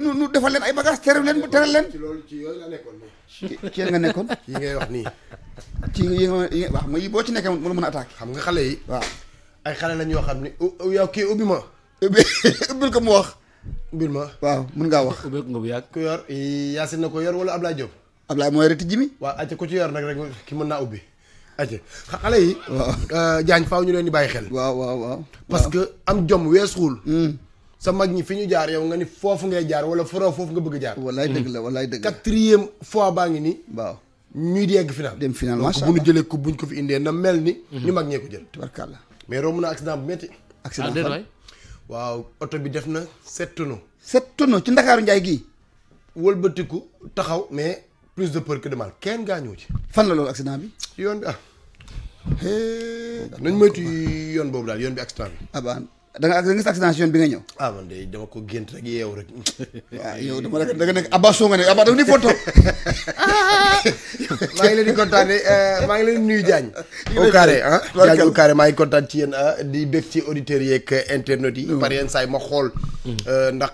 nu nu defal leen ay bagages terew leen teral leen. ci loolu ci yooyu la nekkoon nii. ci nga nekkoon. yi ngay wax nii. ci yi nga yi nga wax mooy boo ci nekkee moom mën a attaqué. xam nga xale yi. waaw ay xale lañ yoo xam ni yow kii ubbi ma. ubbi ubbil ko mu wax. ubbil ma waaw mën ngaa wax. ubbil ko nga bu yàgg. ku yor Yacine na ko yor wala Ablaye Diop. Ablaye mooy reti ji mi. waaw ayca ku ci yor nag rek ki mën naa ubbi. ayca xale yi. waaw euh, Diagne faaw ñu leen di bàyyi xel. waaw waaw waaw. parce que am jom weesuwul. Mm. sa mag ñi fi ñu jaar yow nga ni foofu ngay jaar wala foro foofu nga bëgg jaar wallaay dëgg la mm. wallaay dëgg quatrième fois baa ngi nii waaw ñuy di final dem final macha allah bu ñu jëlee coupe buñ ko fi indee na mel ni mm-hmm. ñu mag ñee ko jël tubarkàlla mais romb na accident bu métti accident ah, fan waaw oto bi def na sept tonneaux sept tonneaux ci ndakaaru njaay gii wëlbatiku taxaw mais plus de peur que de mal kenn gaañoo ci fan la loolu accident bi yoon bi ah nañ moytu yoon boobu daal yoon bi accident bi abaan da nga da nga gis accident si yoon bi nga ñëw. ah man dama ko gént rek yeew rek. waaw yow dama nekk da nga nekk Abba nga ne Abba da nga ni photo. maa ngi leen di kontaane eh, maa ngi leen di nuyu Diagne. au carré ah Diagne au carré maa ngi kontaan ci yéen ah, di bég ci auditeurs yeeg eh, internet yi. Mm. par yenn saa ma xool. Mm. Eh, ndax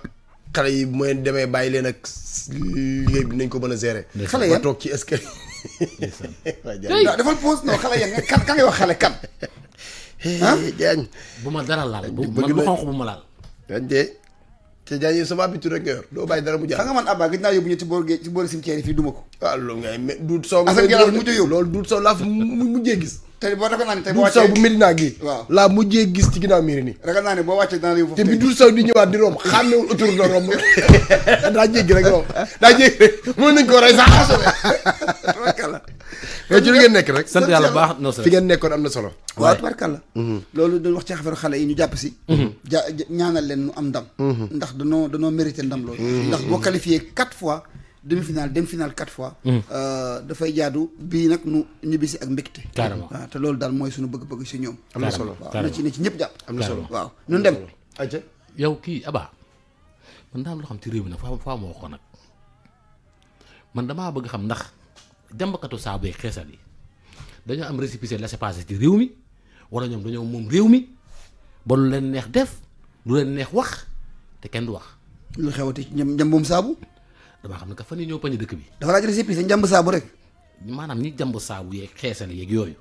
xale yi bu demee bàyyi leen ak liggéey bi nañ ko mën a gérer. xale yan ma toog ci escalier. waaw defal pause non xale yan kan kan ngay wax xale kan. ah Diagne. bu ma dara laal bu ma xonq bu ma laal. dañ de te Diagne sama habitude rek nga yor doo bàyyi dara mu jaar. xam nga man Abba gis naa yóbbu ñu ci boo géej ci boori cimetière yi fii duma ko. waaw loolu ngay mais duut soow. Assane Diallo mujjee yóbbu loolu laa fi gis. te boo ragal naa ne tey boo wàccee naa boo wàccee dana yóbbu. te bi duut soow di ñëwaat di romb xàmmewul autour daa jéggi rek romb daa jéggi rek mën nañ ko rey mais ci li ngeen nekk rek. sant yàlla baax non fi ngeen nekkoon am na solo. waaw tubarkàlla. Mhm. loolu doon wax ci affaire xale yi ñu jàpp si. Mhm. ja ñaanal leen nu am ndam. Mhm. ndax danoo danoo mérité ndam loolu. ndax boo qualifié quatre fois. demi finale dem finale quatre fois. Euh, dafay jaadu bii nag nu ñibbisi ak mbégte. carrément waaw te loolu daal mooy suñu bëgg-bëgg si ñoom. am na solo waaw na ci na ci yow kii Aba man daa am xam ci réew mi nag faa faa moo waxoon nag man damaa bëgg xam ndax jàmbakatu saabu yi xeesal yi dañoo am récépissé laissez-passer ci réew mi wala ñoom dañoo moom réew mi ba lu leen neex def lu leen neex wax te kenn du wax. lu xewati ñam njambum saabu. damaa xam ne que fan yi ñoo pañe dëkk bi. dafa laaj récépissé njamb saabu rek. maanaam ñi jàmb saabu yeeg xeesal yeeg yooyu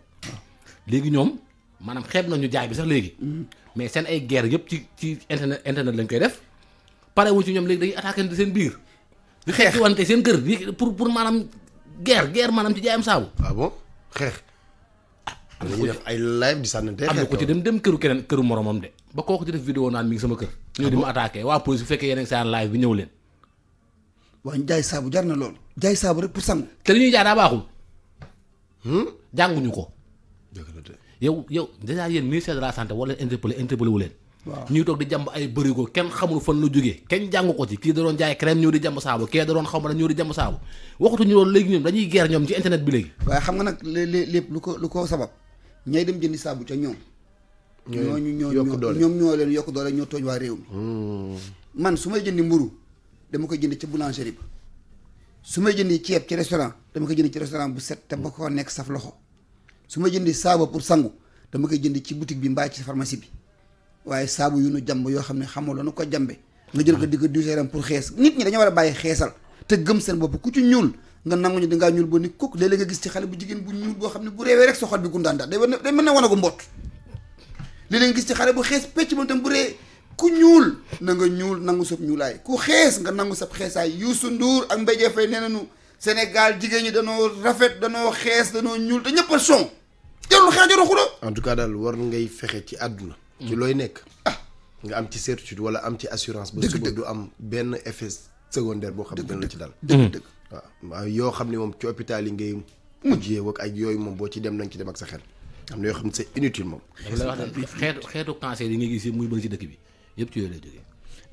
léegi ñoom maanaam xeeb nañu jaay bi sax léegi. Mm-hmm. mais seen ay guerre yëpp ci ci internet internet lañ koy def pare wu ci ñoom léegi dañuy attaqué seen biir. di xeex pour pour maanaam. geer guerre maanaam ci jaayam saabu. ah bon xeex. Ah, am na def ay live di sànnante am na ko ci dem dem këru keneen këru moromam de ba kooku ci def vidéo naan mi sama kër. Ah ñëw di ma waa police bu fekkee yéen a ngi live bi ñëw leen. waaw jaay saabu jar na loolu. jaay saabu rek pour sang. te li ñuy jaay daa baaxul. Hmm? jànguñu ko. yow yow dèjà yéen ministère de la santé war leen interpellé interpellé wu leen. ñu tok di jamb ay bërigo kenn xamul fan la jógee kenn jàng ko ci ki da doon jaay crème ñu di jamb saabu kee da doon xam na ñu di jamb saabu waxtu ñu doon léegi ñom dañuy guerre ñom ci internet bi léegi way xam nga nak lepp lu ko lu ko sabab ñay dem jëndi saabu ca ñoom ñooñu ñoo ñom ñoo leen yok doole ñoo toñ wa réew mi hmm. man su may jëndi mburu dama ko jënd ci boulangerie ba su may jëndi ceeb ci restaurant dama ko jënd ci restaurant bu set te bako nek saf loxo su ma jëndi saaba pour sangu dama ko jënd ci boutique bi mbaa ci pharmacie bi waye sabu yu nu jamm yo xamne xamul nu ko jambe nga jël ko di ko pour xees nit ñi dañu wara baye bàyyi te gëm seen bop ku ci ñuul nga nangu ñu nga ñuul bo ni kok leele nga gis ci xale bu jigen bu ñuul bo xamne bu réewee rek soxal bi gu ndanda day wane day mën ne wanagu mboot léeg-léeg gis ci xale bu xees pecc mo tam bu ku ñuul na nga ñuul nangu sop ku nga nangu ndur ak mbeje fay nenañu senegal jigen ñi dañoo rafet dañoo xees dañoo ñuul te ñëpp son jëru xeex xulo en tout cas dal war ngay fexé ci aduna ci looy nekk nga am ci certitude wala am ci assurance ba suba du am benn effet secondaire boo xam ne dina la ci dal dëgg dëgg waaw yoo xam ne moom ci hôpital yi ngay mm. mujjee ak yooyu moom boo ci dem nañ ci dem ak sa xel am na yoo xam ne c'est inutile moom dama xeetu xeetu cancer yi nga gis muy bëri si dëkk bi yëpp ci yooyu lay jógee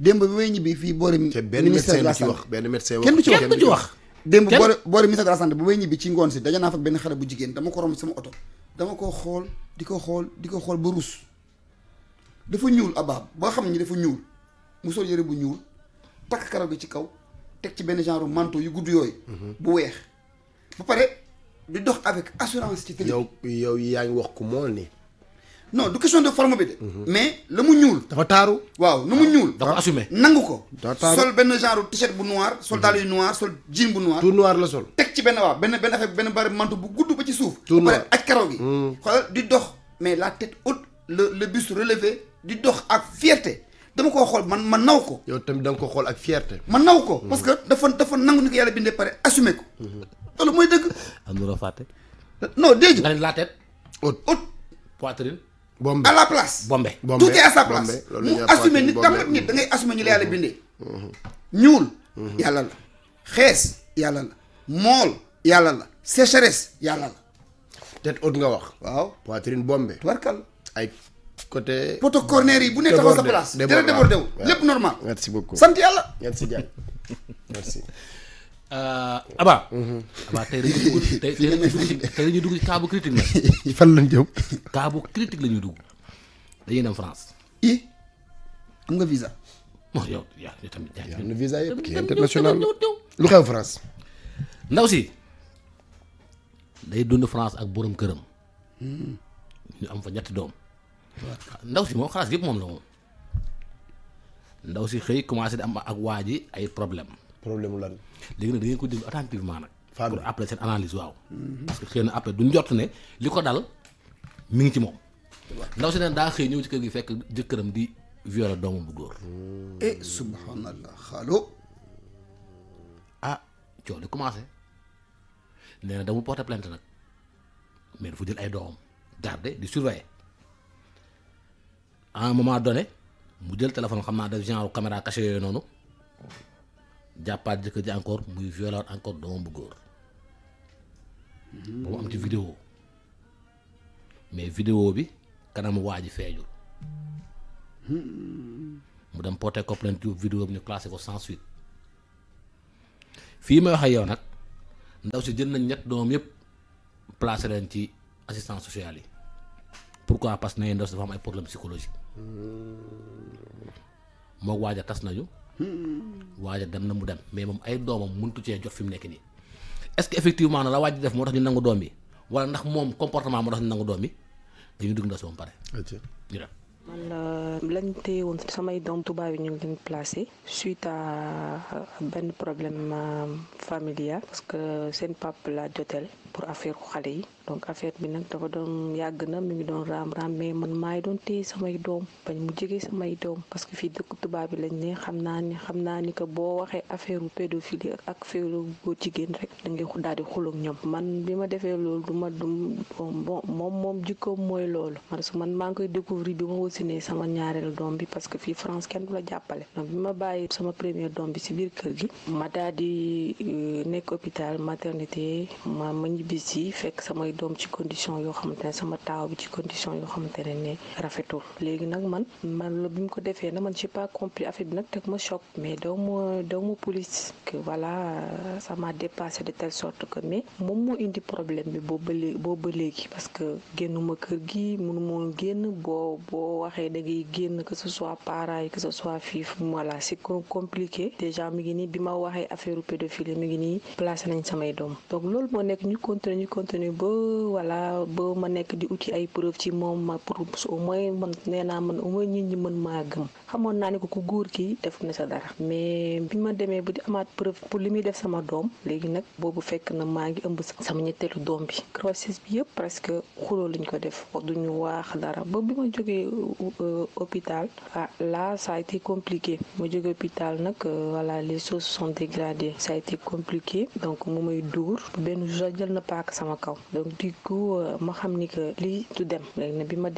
démb bi fii boori ministère de la santé benn médecin kenn du ci wax kenn du ci wax démb boori ngoon si daja naa fa benn xale bu jigéen dama ko romb sama oto dama koo xool di ko xool di ko xool ba rus dafa ñuul abab ba xam ni dafa ñuul mu sol bu ñuul tak karaw gi ci kaw teg ci manteau yu mhm. avec assurance ci télé. yow non du question de forme mhm. mais le mu ñuul. dafa taaru. waaw nu mu ah. ñuul. sol t-shirt noir. sol mhm. noir sol jean noir. tout noir le sol. teg ci ben ben benn manteau bu mais la tête haute le le relevé. di dox ak fierté dama koo xool man ma naw ko. yow tamit da nga ko xool ak fierté. ma naw ko mm-hmm. parce que dafa dafa nangu ni ko yàlla bindee pare assumé ko. Mm-hmm. loolu mooy dëgg. am na loo fàtte. non déedéet. nga ne la tête. haute haute. la place. bombé bombé tout loolu la ñuy assumé nit tamit nit da ngay assumé ñu la yàlla mm-hmm. bindee. ñuul. yàlla la xees yàlla yàlla la sécheresse yàlla la. nga wax. waaw poitrine bombé. tubarkal côté. poto corner yi bu nekk taxaw sa place. débordé dara débordé wu lépp normal. merci beaucoup sant yàlla. merci Diagne merci. Euh, Aba. Aba tey dañuy dugg tey tey dañuy dugg ci kaabu critique nag. fan lañ jëm. kaabu critique la ñuy dugg dañuy dem France. i am nga visa. non yow yaa yow tamit jaajëf. am na visa yëpp kii international lu xew France. ndaw si. day dund France ak borom këram. Hmm. ñu am fa ñetti doom. ndaw si moom xalaas yëpp moom la moom ndaw si xëy commencé di am ak waa ji ay problème problème lan léegi nag da ngeen ko déglu attentivement nag. pour après seen analyse waaw. parce que xëy na après duñ jot ne li ko dal mu ngi ci moom. ndaw si neen daa xëy ñëw ci kër gi fekk jëkkëram di violer doomu bu góor. eh subhanallah xaalo. ah coow li commencé nee na dama porté plainte nag mais fu jël ay doomam garde di surveiller. à un moment donné mu jël téléphone xam naa def genre caméra cachée yooyu noonu jàppaat jëkkër ji encore muy violer encore doomam bu góor. ba mu am ci vidéo mais vidéo bi kanam waa ji feeñul mu dem porté ko plainte ci vidéo bi ñu classé ko sans suite fii may wax ak yow nag ndaw si jël nañ ñett doom yëpp placé leen ci assistance sociale yi. pourquoi parce que Néné Ndoss dafa am ay problème psychologique mo waja tas nañu. waja dem na mu dem mais mom ay domam muntu ci jot fim nek ni est ce que effectivement la waaj def motax tax ñu nangu doom wala ndax mom comportement motax tax ñu nangu doom bi dañuy dugg Ndoss ba pare. ñu dem. man euh, lañ téye woon samay doom tubaab ñu leen suite à benn problème euh, familial parce que seen pap la jotel pour affaire xalé yi donc affaire bi nak dafa doon yag na mi ngi doon ram ram mais man may doon tey sama doom bañ mu jégué sama doom parce que fi dëkk tuba bi lañ né xamna ni xamna ni ko bo waxé affaire pédophilie ak affaire go jigen rek da ngay daal di xulog ñom man bima défé lool duma dum ma du bon moom moom man su man ma ngi découvrir bima wosi né sama ñaarël doom bi parce que fi France kenn dula jappalé donc bima bayyi sama premier doom bi ci biir kër gi ma daal di euh, nekk hôpital maternité ma ma bisi fek fekk samay doom ci condition yo xamantene sama taw bi ci condition yo xamantene ne ne rafetul léegi man man lo bim ko defé na man j'ai pas compris affaire bi nak tek ma choc mais daw mo daw mo police que voilà ça m'a dépassé de telle sorte que mais mom mo indi problème bi bo bo legui parce que gennuma keur gi munu mo genn bo bo waxé da ngay genn que ce soit pareil que ce soit fif voilà c'est compliqué déjà mi ngi ni bima waxé affaire pédophile mi ngi ni place nañ samay dom donc loolu mo nek ñu ko continuer contenu beau voilà beau ma nek di uti ay preuve ci mom ma pour au moins man nee man au moins nit ñi mën ma gëm xamone naa ne ko ku góor ki def na sa dara mais bima ma demee ba di amaat preuve pour limi def sama doom léegi nag boobu fekk na maa ngi ëmb sama ñettelu dom bi grossesse bi yëpp presque xulo luñ ko def duñu wax dara ba bima joggé euh, hôpital ah là ça a été compliqué ma joggé hôpital nak euh, voilà les choses sont dégradées ça a été compliqué donc mu may dóor benn jël na pak sama kaw donc du coup euh, ma xam ni que li du dem léegi na bi ma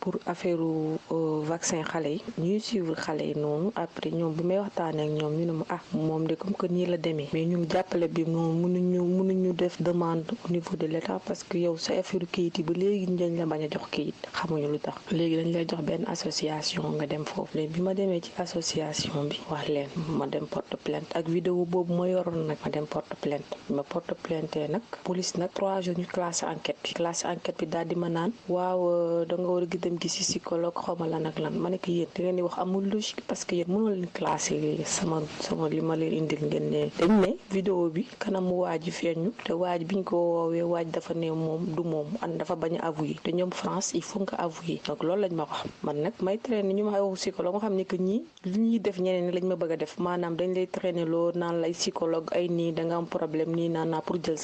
pour affaireu euh, vaccin xalé yi ñuy suivre xalé yi noonu après ñom bu may waxtaanee ak ñom ñu ne ah mom de comme que ni la démé mais ñun jappalé bi moom mënu ñu def demande au niveau de l'état parce que yow sa affaireu kayiti yi ba léegi dañ la baña jox kayit xamuñu lu tax légui dañ lay jox ben association nga dem fofu léegi bima démé ci association bi wax leen ma dem porte plainte ak vidéo bobu ma yoron nak ma dem porte plainte ma porte plainte defee nag police nag trois jours ñu classé enquête bi classé enquête bi daal di ma naan waaw euh, da nga war a dem gi si psychologue xawma la ak lan ma ne ko yéen di leen di wax amul logique parce que yéen mënoo leen classé sama sama li ma leen indil ngeen ne dañ ne vidéo bi kanam waaji feeñu te waaj biñ ko woowee waaj dafa ne moom du moom an dafa bañ a avoué te ñoom France il faut nga avoué donc loolu lañ ma wax man nag may traîné ñu ma wax psychologue ma xam ne que ñii li ñuy def ñeneen lañ ma bëgg a def maanaam dañ lay traîné loo naan lay psychologue ay nii da nga am problème nii naan naa pour jël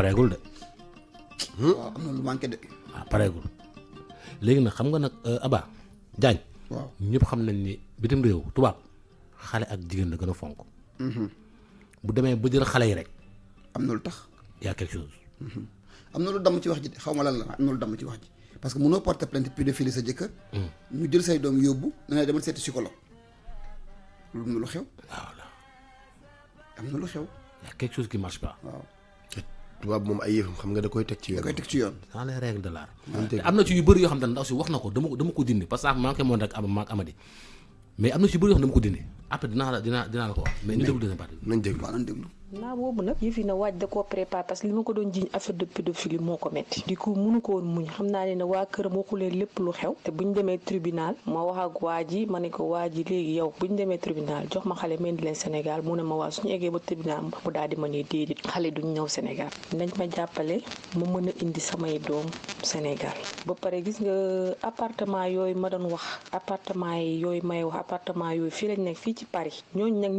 pareegul de. waaw hmm? oh, am na lu manqué de. waaw ah, pareegul léegi nag xam nga nag euh, Aba Diagne. waaw ñëpp xam nañ ni bitim réew tubaab xale ak jigéen la gën a fonk. Mm-hmm. bu demee ba jël xale yi rek. am na lu tax. yaa quelque mm-hmm. am na lu dam ci wax ji de xaw ma lan la am na lu damm ci wax ji parce que mënoo porter plainte pédophile sa jëkkër. Mm. ñu jël say doom yóbbu dana demal seeti psychologue. lu mu lu xew. am na lu xew. yaa quelque qui marche pas. tubaab moom ay yëfam xam nga da koy teg ci yoon. da koy teg ci yoon. te am na ci yu bëri yoo xam ne si wax na ko dama ko dama ko dindi parce que ah maa ngi rek am ak Amady mais am na ci yu bëri yoo xam ne dama ko dindi après dinaa la dinaa la ko wax. mais ñu déglu deuxième partie. naa boobu nag yëf yi na waaj da koo préparé parce que li ma ko doon jiñ affaire de pédophilie moo ko métti di ko mënu ko muñ xam naa ne waa këram waxulee lépp lu xew te buñ demee tribunal ma wax ak ma ne ko waa ji léegi yow buñ demee tribunal jox ma xale mendi leen Sénégal mu ne ma waa suñu eggee ba tribunal mu daal di ma ne déedéet xale duñ ñëw Sénégal nañ ma jàppale ma mën a indi samay doom Sénégal ba pare gis nga appartement yooyu ma doon wax appartement yi yooyu may wax appartement yooyu fii lañ nekk fii ci Paris ñooñu nag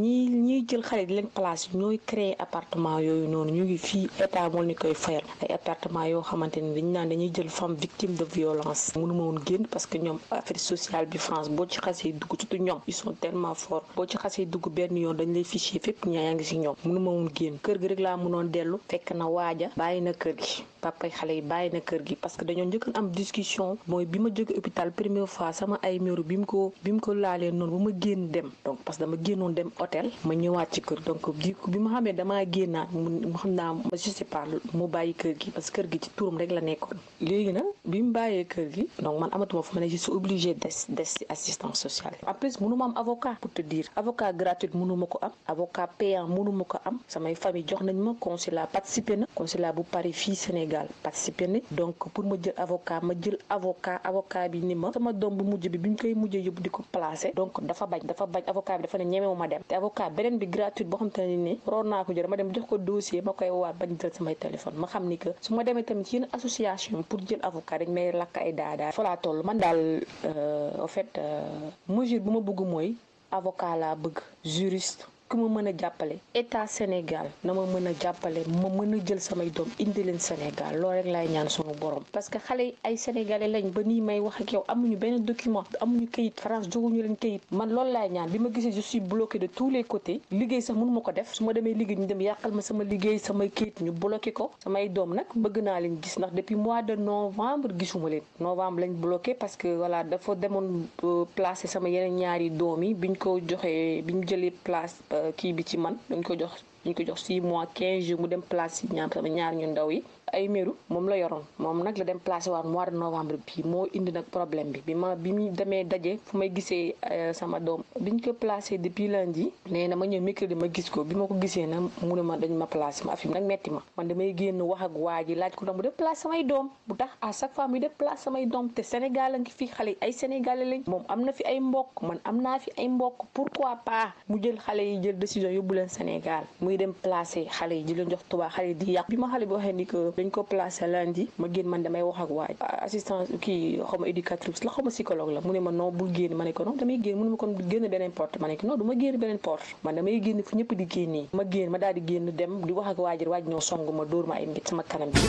créer appartement yooyu noonu ñu ngi fii état moo ni koy fayal ay appartement yoo xamante ni dañu naan dañuy jël femme victime de violence mënuma woon génn parce que ñoom affaire sociale bi France boo ci xasee dugg surtout ñoom ils sont tellement forts boo ci xasee dugg benn yoon dañ lay fichier fépp ñaa yaa ngi si ñoom mënuma woon génn kër gi rek laa mënoon dellu fekk na waaja bàyyi na kër gi papay xale yi bàyyi na kër gi parce que dañu njëkkoon am discussion moy bima ma hôpital première fois sama ay méru bim ko bim ko laalee non ba ma génn dem donc parce que dama génnoon dem hôtel ma ñëwaat ci kër donc di bi ma xamee damaa génnaat mu xam je sais pas mu bàyyi kër gi parce que kër gi ci tourum rek la nekkoon légui nag bi bayé bàyyee kër gi donc man amatuma fu mané ne je suis obligé des des assistance sociale en plus mënuma am avocat pour te dire avocat gratuit mënu mako am avocat payant mënu mako am samay famille jox nañ ma consulat participer na consulat bu Paris fi Sénégal Sénégal participé ni donc pour ma jël avocat ma jël avocat avocat bi ni ma sama doom bu mujj bi bi koy mujjee yóbbu di ko placé donc dafa bañ dafa bañ avocat bi dafa ne ñemewu ma dem te avocat beneen bi gratuite boo xam te ne ni roon naa ko jox ko dossier ma koy waat bañ jël samay téléphone ma xam ni que su ma demee tamit ci yenn association pour jël avocat dañ may lakk ay daadaa fa laa toll man daal en euh, fait euh, mesure bu ma bëgg mooy avocat laa bëgg juriste ku ma mën a jàppale état Sénégal na ma mën a jàppale ma mën a jël samay doom indi leen Sénégal lool rek laay ñaan sunu borom parce que xale yi ay sénégalais lañ ba nii may wax ak yow amuñu benn document amuñu kayit France joxuñu leen kayit man loolu laay ñaan bi ma gisee je suis bloqué de tous les côtés liggéey sax mënu ma ko def su ma demee liggéey ñu dem yàqal ma sama liggéey samay kayit ñu bloqué ko samay doom nag bëgg naa leen gis ndax depuis mois de novembre gisuma leen novembre lañ bloqué parce que voilà dafa demoon euh, placé sama yeneen ñaari doom yi biñ ko joxee biñ jëlee place euh, kii bi ci man dañ ko jox dañ ko jox 6 mois quinze jours mu dem place yi ñaar ñaar ñu ndaw yi ay meru moom la yoroon moom nag la dem placé waat mois de novembre bi moo indi nag problème bi bi ma bi mu demee daje fu may gisee euh, sama doom biñ ko placé depuis lundi nee na ma ñëw mercredi ma gis ko bi ma ko gisee nag mu ne ma dañ ma placé ma affaire nag metti ma man damay génn wax ak waa ji laaj ko ndax mu def place samay doom bu tax a chaque fois mu def place samay doom te Sénégal a ngi fi xale yi ay Sénégalais lañ moom am na fi ay mbokk man am naa fi ay mbokk pourquoi pas mu jël xale yi jël décision yóbbu leen Sénégal muy dem placé xale yi di leen jox tubaab xale yi di yàq ma xale bi waxee ni dañ ko placé lundi ma génn man damay wax ak waaj assistance kii xaw ma éducatrice la xaw ma psychologue la mu ne ma non bul génn ma ne ko non damay ma kon génn beneen porte ma ne ko non du ma génn beneen porte man damay génn fu ñëpp di génnee ma génn ma daal di génn dem di wax ak waajir waaj ñoo song ma dóor ma ay mbit sama kanam bi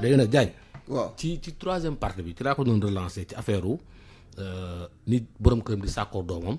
léegi nag Diagne. ci ci troisième partie bi ci laa ko doon relancer ci affaire euh, nit borom këram di sàkkoo doomam.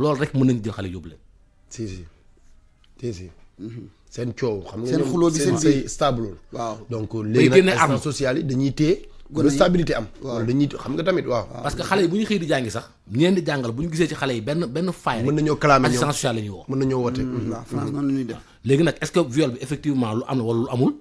loolu rek mën nañu jël xale yóbbu leen. si si si si. seen coow xam nga seen xuloo bi seen say stable. waaw donc léegi nag assistance am. waaw dañuy xam nga tamit waaw. parce que xale yi bu ñu xëy di jàngi sax. ñeen jàngal bu ñu gisee ci xale yi benn benn faay. mën nañoo clamé ñëw assistance sociale la ñuy woo. mën nañoo woote. Hmm, hmm. def. léegi nag est-ce que viol bi effectivement lu am na wala lu amul.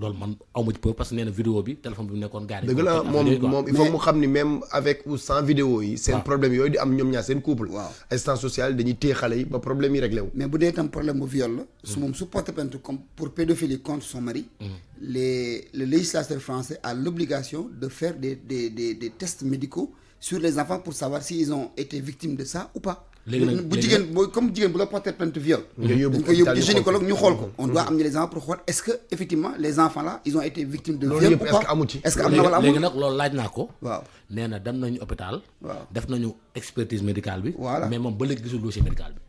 lol man peut pas ci peu parce que vidéo bi téléphone bi mu nekkoon gars yi. il faut mu xamni même avec ou sans vidéo yi. un problème yoy di am ñom ñaar sen couple. waaw assistance sociale dañuy téye ba problème yi réglé wu. mais bu tam problème de viol la. su mom hmm. supporte porte comme pour pédophilie contre son mari. Hmm. les le législateur français a l'obligation de faire des des des des tests médicaux sur les enfants pour savoir s'ils ont été victimes de ça ou pas léegi bu jigéen booy comme jigen bu la porter plainte viol. nga yóbbu ko yóbbu gynécologue ñu xool ko. Mm-hmm. on doit amener les enfants pour xool est ce que effectivement les enfants là ils ont été victimes de. viol ou pas loolu est ce que amu ci. est ce am na wala amul léegi nag laaj naa waaw néna na nañu hôpital. waaw def nañu expertise médicale bi. mais mom ba léegi gisul dossier médical bi.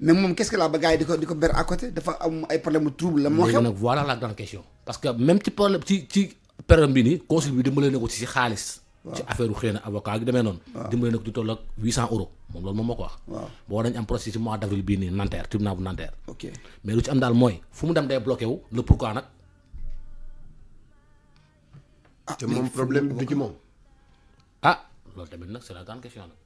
mais mom qu'est-ce que la bagay gars yi di ko di ko ber à côté dafa am ay problème trouble la mo xew. léegi nag voilà la grande question. parce que même ci problème ci ci problème bi ni consul bi dimbale na ko ci xaalis ci affaire xëy na avocat gi demee noonu dimbale nag du toll ak huit cent euros moom loolu moom moo ko wax boo dañ am procès ci mois d'avril bii nii Nanterre tribunal bu Nanterre mais lu ci am daal mooy fu mu dem day bloqué wu le pourquoi nag ah, te moom problème du ci moom ah loolu tamit nag c'est la grande question nag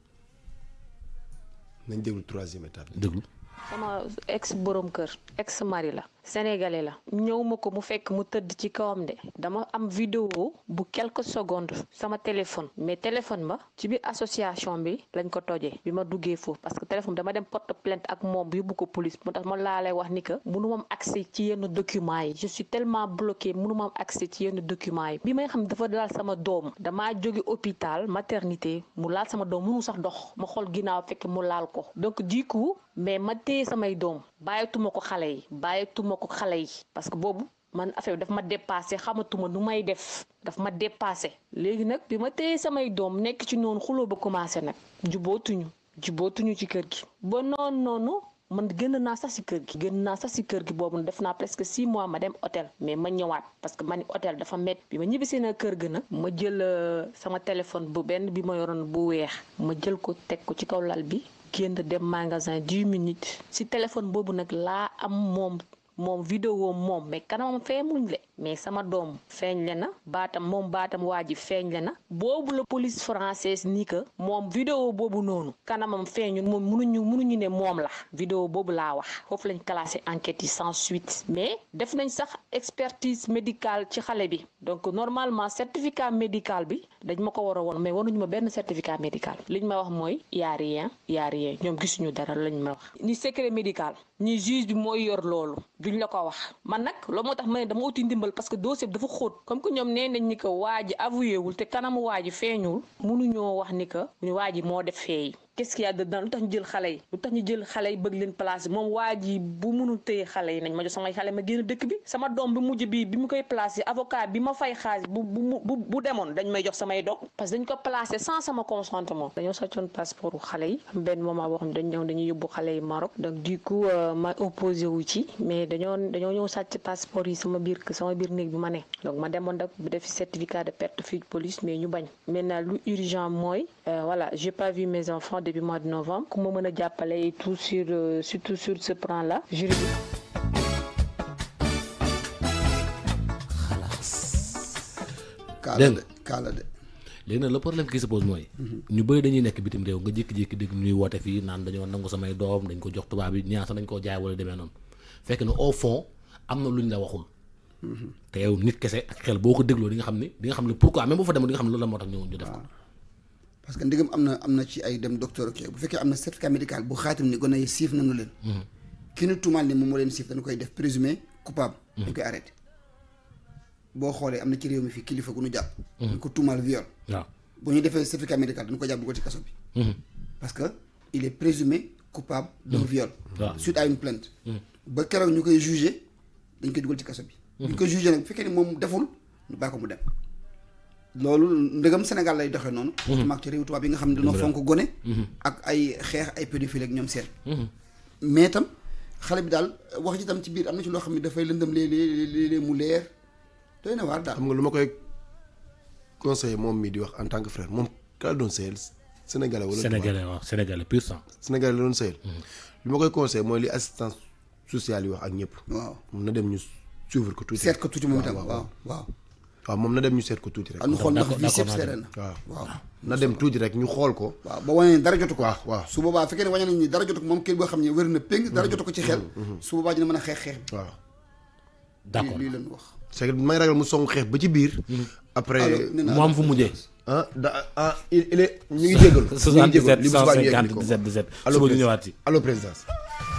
nañ déglu troisième étape déglu sama ex borom kër ex mari la sénégalais la ñëw ko mu fekk mu tëdd ci kawam de dama am vidéo bu quelques secondes sama téléphone mais téléphone ba ci bi association bi lañ ko toje bi ma duggee foofu parce que téléphone dama dem porte plainte ak moom yóbbu ko police moo tax ma laa lay wax ni que mënu am accès ci yenn documents yi je suis tellement bloqué mënu am accès ci yenn documents yi bi may xam dafa laal sama doom dama jóge hôpital maternité mu laal sama doom mënu sax dox ma xol ginnaaw fekk mu laal ko donc du mais ma téye samay doom bàyyatuma ko xale yi bàyyatuma waxuma ko xale yi parce que boobu man affaire daf ma dépassé xamatuma nu may def daf ma dépassé léegi nag bi ma téye samay doom nekk ci noonu xuloo ba commencé nag jubootuñu jubootuñu ci kër gi ba noonu noonu man génn naa sax si kër gi génn naa sax si kër gi boobu def naa presque six mois ma dem hôtel mais ma ñëwaat parce que man ni hôtel dafa métti bi ma ñibbisee na kër gi nag ma jël euh, sama téléphone bu benn bi ma yoroon bu weex ma jël ko teg ko ci kaw lal bi génn dem magasin dix minutes si téléphone boobu nag laa mom vidéo mom mais kanamam feemuñ le mais sama dom feñ le na baatam moom baatam waa ji feeñ le na boobu la police française ni que mom vidéo boobu noonu kanamam feeñu mom mënuñu mënuñu ne mom la vidéo bobu la wax foofu lañ classer enquête sans suite mais def nañ sax expertise médicale ci xalé bi donc normalement certificat médical bi dañ mako ko won mais waruñu ma benn certificat médical liñ ma wax moy y a rien y a rien ñom gisunu dara lañ ma wax ni secret médical ni juge bi mooy yor lolu ñu la ko wax man nag loolu moo tax ma ne dama uti ndimbal parce que dossier bi dafa xóot comme que ñoom nee nañ ni que waa ji avoué wul te kanamu waa ji feeñul mënuñoo wax ni que ñu waa ji moo def feey qu'est-ce qu'il y a dedans lu tax ñu jël xale yi bëgg leen placé moom waa bu mënul téye xale yi nañ ma jox samay xale ma génn dëkk bi sama doom bi mujj bi bi mu koy placé avocat bi ma fay xaalis bu demoon dañ may que dañ ko placé sans sama consentement dañoo sàccoon passeport u xale yi am benn moment boo xam ne yi Maroc euh, ma opposé wu sama biir sama biir néeg bi ma ne donc ma demoon nag def certificat de perte fuite police mais ñu bañ maintenant lu urgent mooy euh, voilà j'ai pas vu mes enfants le mois de novembre comment on tout sur euh, surtout sur ce plan là léegi le problème qui se pose mooy. Mhm. ñu bëri dañuy nekk bitim réew nga jékki-jékki dégg ñuy woote fii naan dañoo nangu samay doom dañ ko jox dañ koo jaay wala fekk na au fond luñ la mhm. yow nit ak xel di nga ne di nga xam ne pourquoi même bu fa di nga ne la moo ñu parce que ndigam amna amna ci ay dem docteur ak bu fekkee am na certificat médical bu xaatim ni gone yi siif nañu leen. Hmm. ki nu tuumaal ni moom moo leen siif dañu koy def présumé coupable. Hmm. dañ koy arrêté boo xoolee am na ci réew mi fii kilifa gu ñu jàpp. Hmm. ñu ko tuumaal viol. waaw bu ñu defee certificat médical dañ ko jàpp ko ci kaso bi. parce que il est présumé coupable de viol. suite à une plainte. ba keroog ñu koy jugé dañ koy dugal ci kaso bi. ñu ko jugé nag bu fekkee ni moom deful ñu bàyyi ko mu dem. loolu ndëgam Sénégal lay doxee noonu. Mhm. mag ci réew tubaab nga xam ne dañoo fonk gone. Mhm. ak ay xeex ay pédophile ak ñoom seen. Mhm. mais tam xale bi daal wax ji tam ci biir am na ci loo xam ne dafay lëndëm léeg-léeg mu leer doy na waar lu ma koy conseiller moom mii di wax en tant que frère moom kala doon sëyal Sénégalais wala. Sénégalais waaw Sénégalais pur sang. Sénégalais la doon koy conseiller mooy li assistance yi wax ak ñëpp. waaw mun na dem ñu suivre ko tuuti. seet ko tuuti moom itam waaw. waaw moom na dem ñu seet ko tuuti rek. Ah, ñu xool ndax bii sëb seere na waaw waaw. na dem tuuti rek ñu xool ko. waaw ba wane dara jotu ko. waaw waaw su boobaa fekkee ne wane nañ ni dara jotu ko moom kii boo xam ne wér na péng mm-hmm. ci xel. Mm-hmm. Mm-hmm. su boobaa dina mën a xeex xeex. waaw d'accord wax. c'est que may ragal mu song xeex ba ci biir. après mu am fu mujjee. ah da ah il est ñu ngi jégalu. ñu ngi jégalu li mu subaa ñu yegg ko 77 157 17 17. allo présidence présidence.